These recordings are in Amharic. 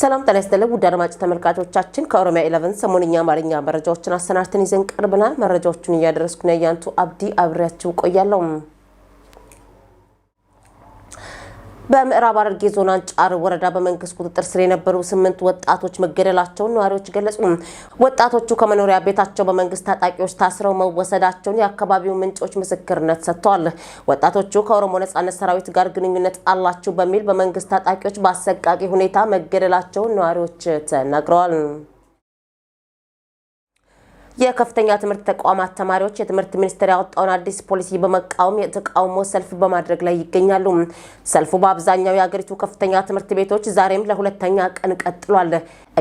ሰላም ጤና ይስጥልን ውድ አድማጭ ተመልካቾቻችን ከኦሮሚያ ኢለቨን ሰሞንኛ አማርኛ መረጃዎችን አሰናድተን ይዘን ቀርበናል። መረጃዎቹን እያደረስኩ ነው ያንቱ አብዲ አብሬያችሁ ቆያለሁ። በምዕራብ ሐረርጌ ዞን አንጫር ወረዳ በመንግስት ቁጥጥር ስር የነበሩ ስምንት ወጣቶች መገደላቸውን ነዋሪዎች ገለጹ። ወጣቶቹ ከመኖሪያ ቤታቸው በመንግስት ታጣቂዎች ታስረው መወሰዳቸውን የአካባቢው ምንጮች ምስክርነት ሰጥተዋል። ወጣቶቹ ከኦሮሞ ነጻነት ሰራዊት ጋር ግንኙነት አላችሁ በሚል በመንግስት ታጣቂዎች በአሰቃቂ ሁኔታ መገደላቸውን ነዋሪዎች ተናግረዋል። የከፍተኛ ትምህርት ተቋማት ተማሪዎች የትምህርት ሚኒስቴር ያወጣውን አዲስ ፖሊሲ በመቃወም የተቃውሞ ሰልፍ በማድረግ ላይ ይገኛሉ። ሰልፉ በአብዛኛው የአገሪቱ ከፍተኛ ትምህርት ቤቶች ዛሬም ለሁለተኛ ቀን ቀጥሏል።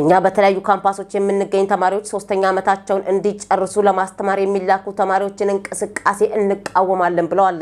እኛ በተለያዩ ካምፓሶች የምንገኝ ተማሪዎች ሶስተኛ ዓመታቸውን እንዲጨርሱ ለማስተማር የሚላኩ ተማሪዎችን እንቅስቃሴ እንቃወማለን ብለዋል።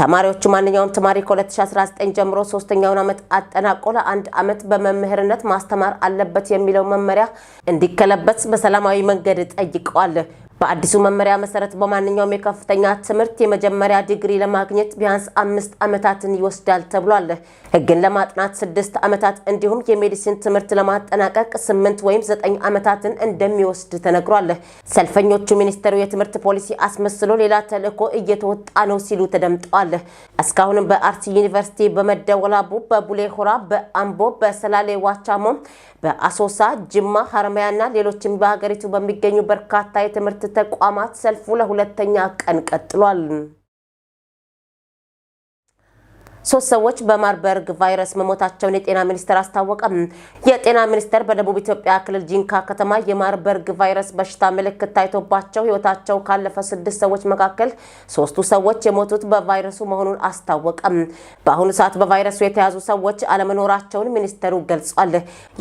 ተማሪዎቹ ማንኛውም ተማሪ ከ2019 ጀምሮ ሶስተኛውን ዓመት አጠናቆ ለአንድ ዓመት በመምህርነት ማስተማር አለበት የሚለው መመሪያ እንዲከለበስ በሰላማዊ መንገድ ጠይቀዋል። God በአዲሱ መመሪያ መሰረት በማንኛውም የከፍተኛ ትምህርት የመጀመሪያ ዲግሪ ለማግኘት ቢያንስ አምስት ዓመታትን ይወስዳል ተብሏል። ሕግን ለማጥናት ስድስት ዓመታት እንዲሁም የሜዲሲን ትምህርት ለማጠናቀቅ ስምንት ወይም ዘጠኝ ዓመታትን እንደሚወስድ ተነግሯል። ሰልፈኞቹ ሚኒስቴሩ የትምህርት ፖሊሲ አስመስሎ ሌላ ተልዕኮ እየተወጣ ነው ሲሉ ተደምጠዋል። እስካሁንም በአርሲ ዩኒቨርሲቲ፣ በመደወላቡ፣ በቡሌ ሆራ፣ በአምቦ፣ በሰላሌ ዋቻሞ፣ በአሶሳ፣ ጅማ፣ ሀረማያ ሌሎችም በሀገሪቱ በሚገኙ በርካታ የትምህርት ተቋማት ሰልፉ ለሁለተኛ ቀን ቀጥሏል። ሶስት ሰዎች በማርበርግ ቫይረስ መሞታቸውን የጤና ሚኒስቴር አስታወቀም። የጤና ሚኒስቴር በደቡብ ኢትዮጵያ ክልል ጂንካ ከተማ የማርበርግ ቫይረስ በሽታ ምልክት ታይቶባቸው ህይወታቸው ካለፈ ስድስት ሰዎች መካከል ሶስቱ ሰዎች የሞቱት በቫይረሱ መሆኑን አስታወቀም። በአሁኑ ሰዓት በቫይረሱ የተያዙ ሰዎች አለመኖራቸውን ሚኒስቴሩ ገልጿል።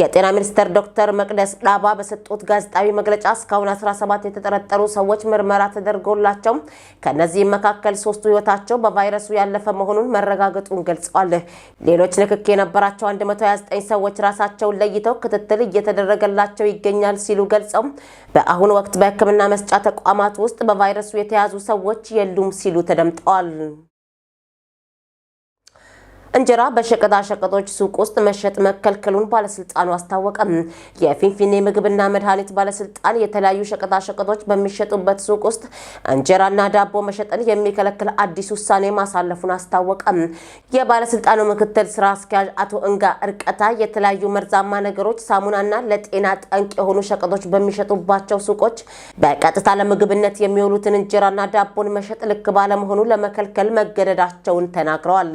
የጤና ሚኒስቴር ዶክተር መቅደስ ዳባ በሰጡት ጋዜጣዊ መግለጫ እስካሁን 17 የተጠረጠሩ ሰዎች ምርመራ ተደርጎላቸው ከእነዚህም መካከል ሶስቱ ህይወታቸው በቫይረሱ ያለፈ መሆኑን መረጋገጡ መግለጹን ገልጸዋል። ሌሎች ንክክ የነበራቸው 129 ሰዎች ራሳቸውን ለይተው ክትትል እየተደረገላቸው ይገኛል ሲሉ ገልጸው በአሁኑ ወቅት በሕክምና መስጫ ተቋማት ውስጥ በቫይረሱ የተያዙ ሰዎች የሉም ሲሉ ተደምጠዋል። እንጀራ በሸቀጣሸቀጦች ሱቅ ውስጥ መሸጥ መከልከሉን ባለስልጣኑ አስታወቀም። የፊንፊኔ ምግብና መድኃኒት ባለስልጣን የተለያዩ ሸቀጣሸቀጦች በሚሸጡበት ሱቅ ውስጥ እንጀራና ዳቦ መሸጥን የሚከለክል አዲስ ውሳኔ ማሳለፉን አስታወቀም። የባለስልጣኑ ምክትል ስራ አስኪያጅ አቶ እንጋ እርቀታ የተለያዩ መርዛማ ነገሮች፣ ሳሙናና ለጤና ጠንቅ የሆኑ ሸቀጦች በሚሸጡባቸው ሱቆች በቀጥታ ለምግብነት የሚውሉትን እንጀራና ዳቦን መሸጥ ልክ ባለመሆኑ ለመከልከል መገደዳቸውን ተናግረዋል።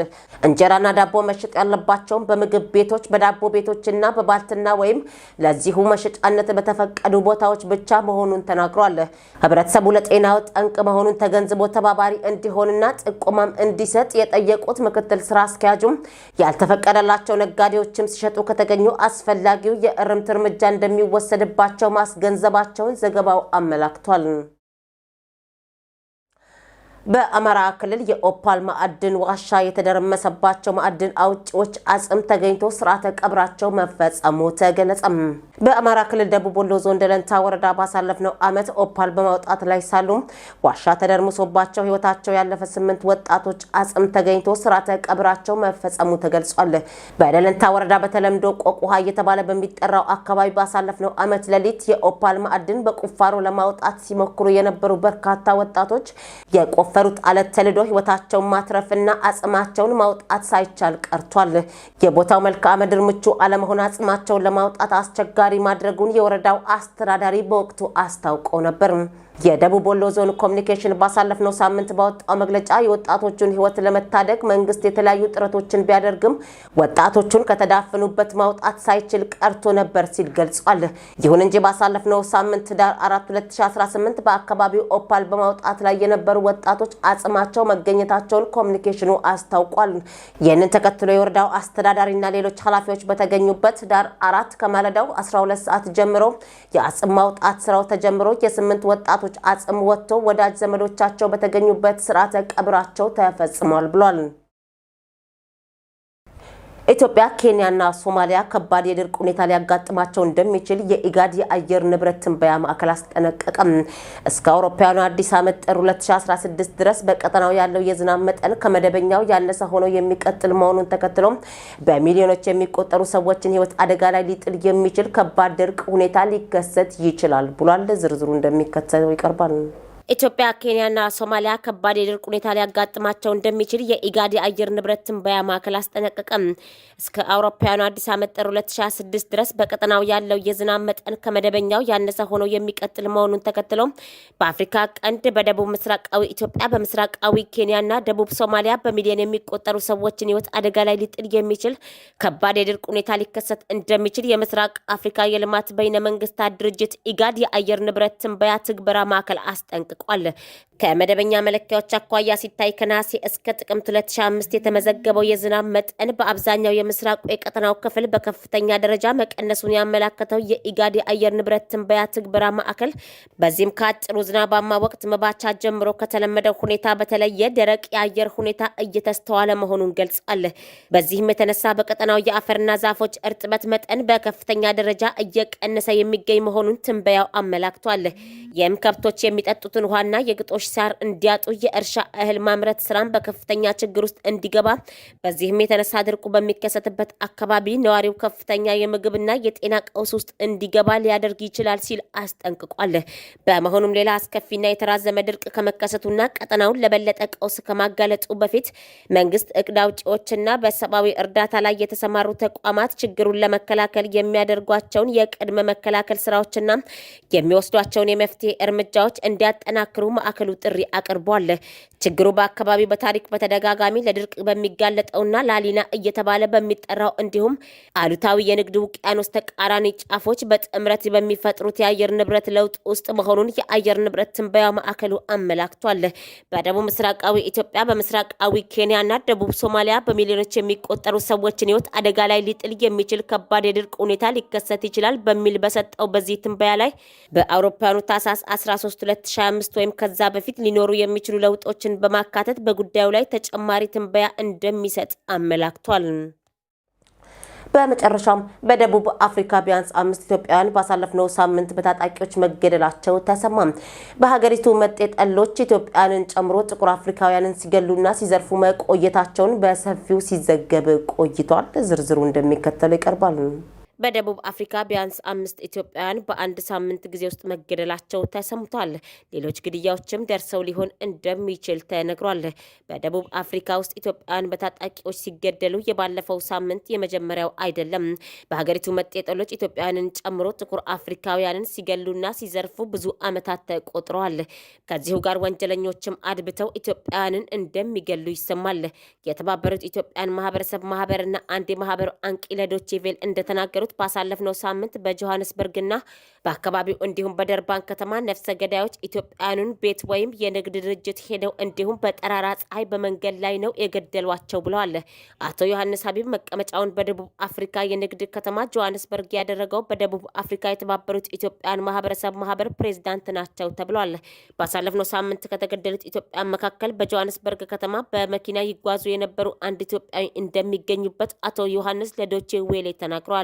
እንጀራና ዳቦ መሸጥ ያለባቸውን በምግብ ቤቶች፣ በዳቦ ቤቶችና በባልትና ወይም ለዚሁ መሸጫነት በተፈቀዱ ቦታዎች ብቻ መሆኑን ተናግሯል። ህብረተሰቡ ለጤናው ጠንቅ መሆኑን ተገንዝቦ ተባባሪ እንዲሆንና ጥቆማም እንዲሰጥ የጠየቁት ምክትል ስራ አስኪያጁም ያልተፈቀደላቸው ነጋዴዎችም ሲሸጡ ከተገኙ አስፈላጊው የእርምት እርምጃ እንደሚወሰድባቸው ማስገንዘባቸውን ዘገባው አመላክቷል። በአማራ ክልል የኦፓል ማዕድን ዋሻ የተደረመሰባቸው ማዕድን አውጪዎች አጽም ተገኝቶ ስርዓተ ቀብራቸው መፈጸሙ ተገለጸም። በአማራ ክልል ደቡብ ወሎ ዞን ደለንታ ወረዳ ባሳለፍነው ዓመት ኦፓል በማውጣት ላይ ሳሉ ዋሻ ተደርምሶባቸው ህይወታቸው ያለፈ ስምንት ወጣቶች አጽም ተገኝቶ ስርዓተ ቀብራቸው መፈጸሙ ተገልጿል። በደለንታ ወረዳ በተለምዶ ቆቁሃ እየተባለ በሚጠራው አካባቢ ባሳለፍነው ዓመት ሌሊት የኦፓል ማዕድን በቁፋሮ ለማውጣት ሲሞክሩ የነበሩ በርካታ ወጣቶች የቆፈ በፈጠሩት አለት ተልዶ ህይወታቸውን ማትረፍና አጽማቸውን ማውጣት ሳይቻል ቀርቷል። የቦታው መልክዓ ምድር ምቹ አለመሆን አጽማቸውን ለማውጣት አስቸጋሪ ማድረጉን የወረዳው አስተዳዳሪ በወቅቱ አስታውቆ ነበር። የደቡብ ወሎ ዞን ኮሚኒኬሽን ባሳለፍነው ሳምንት ባወጣው መግለጫ የወጣቶቹን ሕይወት ለመታደግ መንግስት የተለያዩ ጥረቶችን ቢያደርግም ወጣቶቹን ከተዳፈኑበት ማውጣት ሳይችል ቀርቶ ነበር ሲል ገልጿል። ይሁን እንጂ ባሳለፍነው ሳምንት ዳር 4 2018 በአካባቢው ኦፓል በማውጣት ላይ የነበሩ ወጣቶች አጽማቸው መገኘታቸውን ኮሚኒኬሽኑ አስታውቋል። ይህንን ተከትሎ የወረዳው አስተዳዳሪና ሌሎች ኃላፊዎች በተገኙበት ዳር አራት ከማለዳው 12 ሰዓት ጀምሮ የአጽም ማውጣት ስራው ተጀምሮ የስምንት ወጣቶች አጽም ወጥቶ ወዳጅ ዘመዶቻቸው በተገኙበት ስርዓተ ቀብራቸው ተፈጽሟል ብሏል። ኢትዮጵያ፣ ኬንያና ሶማሊያ ከባድ የድርቅ ሁኔታ ሊያጋጥማቸው እንደሚችል የኢጋድ የአየር ንብረት ትንበያ ማዕከል አስጠነቀቀም። እስከ አውሮፓውያኑ አዲስ ዓመት ጥር 2016 ድረስ በቀጠናው ያለው የዝናብ መጠን ከመደበኛው ያነሰ ሆኖ የሚቀጥል መሆኑን ተከትሎ በሚሊዮኖች የሚቆጠሩ ሰዎችን ሕይወት አደጋ ላይ ሊጥል የሚችል ከባድ ድርቅ ሁኔታ ሊከሰት ይችላል ብሏል። ዝርዝሩ እንደሚከተለው ይቀርባል። ኢትዮጵያ፣ ኬንያና ሶማሊያ ከባድ የድርቅ ሁኔታ ሊያጋጥማቸው እንደሚችል የኢጋድ የአየር ንብረት ትንበያ ማዕከል አስጠነቀቀም። እስከ አውሮፓውያኑ አዲስ ዓመት ጥር 2026 ድረስ በቀጠናው ያለው የዝናብ መጠን ከመደበኛው ያነሰ ሆኖ የሚቀጥል መሆኑን ተከትሎ በአፍሪካ ቀንድ በደቡብ ምስራቃዊ ኢትዮጵያ፣ በምስራቃዊ ኬንያና ደቡብ ሶማሊያ በሚሊዮን የሚቆጠሩ ሰዎችን ሕይወት አደጋ ላይ ሊጥል የሚችል ከባድ የድርቅ ሁኔታ ሊከሰት እንደሚችል የምስራቅ አፍሪካ የልማት በይነ መንግስታት ድርጅት ኢጋድ የአየር ንብረት ትንበያ ትግበራ ማዕከል አስጠንቅቋል። ተለቋል። ከመደበኛ መለኪያዎች አኳያ ሲታይ ከነሐሴ እስከ ጥቅምት 2005 የተመዘገበው የዝናብ መጠን በአብዛኛው የምስራቁ የቀጠናው ክፍል በከፍተኛ ደረጃ መቀነሱን ያመላከተው የኢጋድ የአየር ንብረት ትንበያ ትግበራ ማዕከል በዚህም ከአጭሩ ዝናባማ ወቅት መባቻ ጀምሮ ከተለመደው ሁኔታ በተለየ ደረቅ የአየር ሁኔታ እየተስተዋለ መሆኑን ገልጻል። በዚህም የተነሳ በቀጠናው የአፈርና ዛፎች እርጥበት መጠን በከፍተኛ ደረጃ እየቀነሰ የሚገኝ መሆኑን ትንበያው አመላክቷል። ይህም ከብቶች የሚጠጡትን ውሃና የግጦሽ ሳር እንዲያጡ የእርሻ እህል ማምረት ስራም በከፍተኛ ችግር ውስጥ እንዲገባ በዚህም የተነሳ ድርቁ በሚከሰትበት አካባቢ ነዋሪው ከፍተኛ የምግብና የጤና ቀውስ ውስጥ እንዲገባ ሊያደርግ ይችላል ሲል አስጠንቅቋል። በመሆኑም ሌላ አስከፊና የተራዘመ ድርቅ ከመከሰቱና ቀጠናውን ለበለጠ ቀውስ ከማጋለጡ በፊት መንግስት እቅድ አውጪዎችና በሰብአዊ እርዳታ ላይ የተሰማሩ ተቋማት ችግሩን ለመከላከል የሚያደርጓቸውን የቅድመ መከላከል ስራዎችና የሚወስዷቸውን የመፍትሄ እርምጃዎች እንዲያጠናክሩ ማዕከሉ ጥሪ አቅርቧል። ችግሩ በአካባቢው በታሪክ በተደጋጋሚ ለድርቅ በሚጋለጠውና ላሊና እየተባለ በሚጠራው እንዲሁም አሉታዊ የንግድ ውቅያኖስ ተቃራኒ ጫፎች በጥምረት በሚፈጥሩት የአየር ንብረት ለውጥ ውስጥ መሆኑን የአየር ንብረት ትንበያ ማዕከሉ አመላክቷል። በደቡብ ምስራቃዊ ኢትዮጵያ፣ በምስራቃዊ ኬንያና ደቡብ ሶማሊያ በሚሊዮኖች የሚቆጠሩ ሰዎችን ሕይወት አደጋ ላይ ሊጥል የሚችል ከባድ የድርቅ ሁኔታ ሊከሰት ይችላል በሚል በሰጠው በዚህ ትንበያ ላይ በአውሮፓውያኑ ታህሳስ 13 2025 ወይም ከዛ በፊት ሊኖሩ የሚችሉ ለውጦች ሪፖርቶችን በማካተት በጉዳዩ ላይ ተጨማሪ ትንበያ እንደሚሰጥ አመላክቷል። በመጨረሻም በደቡብ አፍሪካ ቢያንስ አምስት ኢትዮጵያውያን ባሳለፍነው ሳምንት በታጣቂዎች መገደላቸው ተሰማ። በሀገሪቱ መጤ ጠሎች ኢትዮጵያውያንን ጨምሮ ጥቁር አፍሪካውያንን ሲገሉና ሲዘርፉ መቆየታቸውን በሰፊው ሲዘገብ ቆይቷል። ዝርዝሩ እንደሚከተለው ይቀርባል። በደቡብ አፍሪካ ቢያንስ አምስት ኢትዮጵያውያን በአንድ ሳምንት ጊዜ ውስጥ መገደላቸው ተሰምቷል። ሌሎች ግድያዎችም ደርሰው ሊሆን እንደሚችል ተነግሯል። በደቡብ አፍሪካ ውስጥ ኢትዮጵያውያን በታጣቂዎች ሲገደሉ የባለፈው ሳምንት የመጀመሪያው አይደለም። በሀገሪቱ መጤጠሎች ኢትዮጵያውያንን ጨምሮ ጥቁር አፍሪካውያንን ሲገሉና ሲዘርፉ ብዙ ዓመታት ተቆጥረዋል። ከዚሁ ጋር ወንጀለኞችም አድብተው ኢትዮጵያውያንን እንደሚገሉ ይሰማል። የተባበሩት ኢትዮጵያን ማህበረሰብ ማህበርና አንድ የማህበሩ አንቂ ለዶቼ ቬለ እንደተናገሩት ባደረጉት ባሳለፍነው ሳምንት በጆሃንስበርግና በአካባቢው እንዲሁም በደርባን ከተማ ነፍሰ ገዳዮች ኢትዮጵያውያኑን ቤት ወይም የንግድ ድርጅት ሄደው እንዲሁም በጠራራ ፀሐይ በመንገድ ላይ ነው የገደሏቸው ብለዋል። አቶ ዮሐንስ ሀቢብ መቀመጫውን በደቡብ አፍሪካ የንግድ ከተማ ጆሃንስበርግ ያደረገው በደቡብ አፍሪካ የተባበሩት ኢትዮጵያን ማህበረሰብ ማህበር ፕሬዚዳንት ናቸው ተብሏል። ባሳለፍነው ሳምንት ከተገደሉት ኢትዮጵያን መካከል በጆሃንስበርግ ከተማ በመኪና ይጓዙ የነበሩ አንድ ኢትዮጵያዊ እንደሚገኙበት አቶ ዮሐንስ ለዶቼ ዌሌ ተናግረዋል።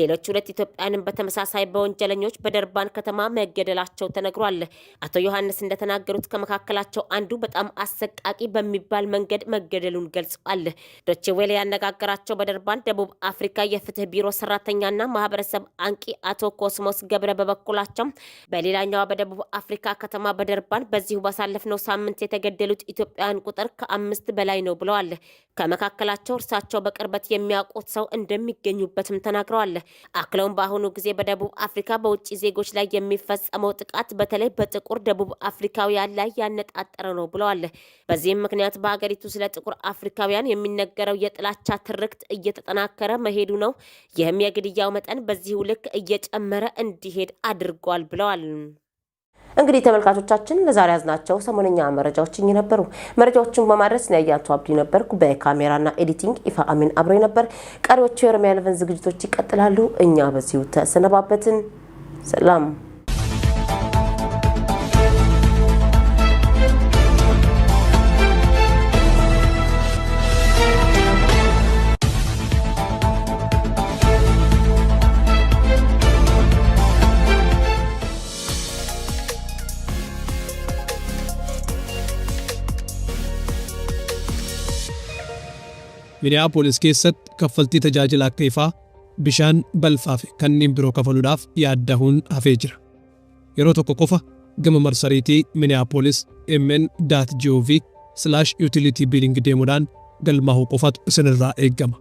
ሌሎች ሁለት ኢትዮጵያንን በተመሳሳይ በወንጀለኞች በደርባን ከተማ መገደላቸው ተነግሯል። አቶ ዮሐንስ እንደተናገሩት ከመካከላቸው አንዱ በጣም አሰቃቂ በሚባል መንገድ መገደሉን ገልጿል። ዶቼ ዌለ ያነጋገራቸው በደርባን ደቡብ አፍሪካ የፍትህ ቢሮ ሰራተኛና ማህበረሰብ አንቂ አቶ ኮስሞስ ገብረ በበኩላቸው በሌላኛዋ በደቡብ አፍሪካ ከተማ በደርባን በዚሁ ባሳለፍነው ሳምንት የተገደሉት ኢትዮጵያውያን ቁጥር ከአምስት በላይ ነው ብለዋል። ከመካከላቸው እርሳቸው በቅርበት የሚያውቁት ሰው እንደሚገኙበትም ተናግረዋል። ተናግረዋል። አክለውም በአሁኑ ጊዜ በደቡብ አፍሪካ በውጭ ዜጎች ላይ የሚፈጸመው ጥቃት በተለይ በጥቁር ደቡብ አፍሪካውያን ላይ ያነጣጠረ ነው ብለዋል። በዚህም ምክንያት በሀገሪቱ ስለ ጥቁር አፍሪካውያን የሚነገረው የጥላቻ ትርክት እየተጠናከረ መሄዱ ነው። ይህም የግድያው መጠን በዚሁ ልክ እየጨመረ እንዲሄድ አድርጓል ብለዋል። እንግዲህ ተመልካቾቻችን ለዛሬ ያዝናቸው ሰሞነኛ መረጃዎች እኚህ ነበሩ። መረጃዎቹን በማድረስ ነያያቸው አብዱ ነበርኩ። በካሜራና ኤዲቲንግ ኢፋ አሚን አብሮኝ ነበር። ቀሪዎቹ የኦሮሚያ ኤሌቨን ዝግጅቶች ይቀጥላሉ። እኛ በዚሁ ተሰነባበትን። ሰላም Minneapolis keessatti kaffaltii tajaajila akka ifaa bishaan balfaa fi kanneen biroo kafaluudhaaf yaaddahuun hafee jira. Yeroo tokko qofa gama marsariitii Miniyaapolis mn.gov/utility billing deemuudhaan galmaa'uu qofatu isinirraa eegama.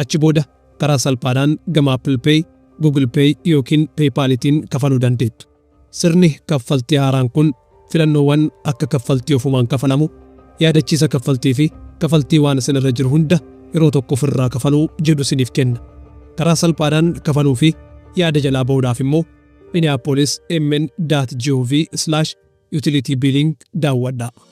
Achi booda karaa salphaadhaan gama Apple Pay, Google Pay yookiin PayPaalitiin kafaluu dandeettu. Sirni kaffaltii haaraan kun filannoowwan akka kaffaltii ofumaan kafalamu, yaadachiisa kaffaltii fi kaffaltii waan isinirra jiru hunda yeroo tokko ofirraa kafaluu jedhu siniif kenna. Karaa salphaadhaan kafaluu fi yaada jalaa ba'uudhaaf immoo minneapolis mn.gov/utility billing daawwadhaa.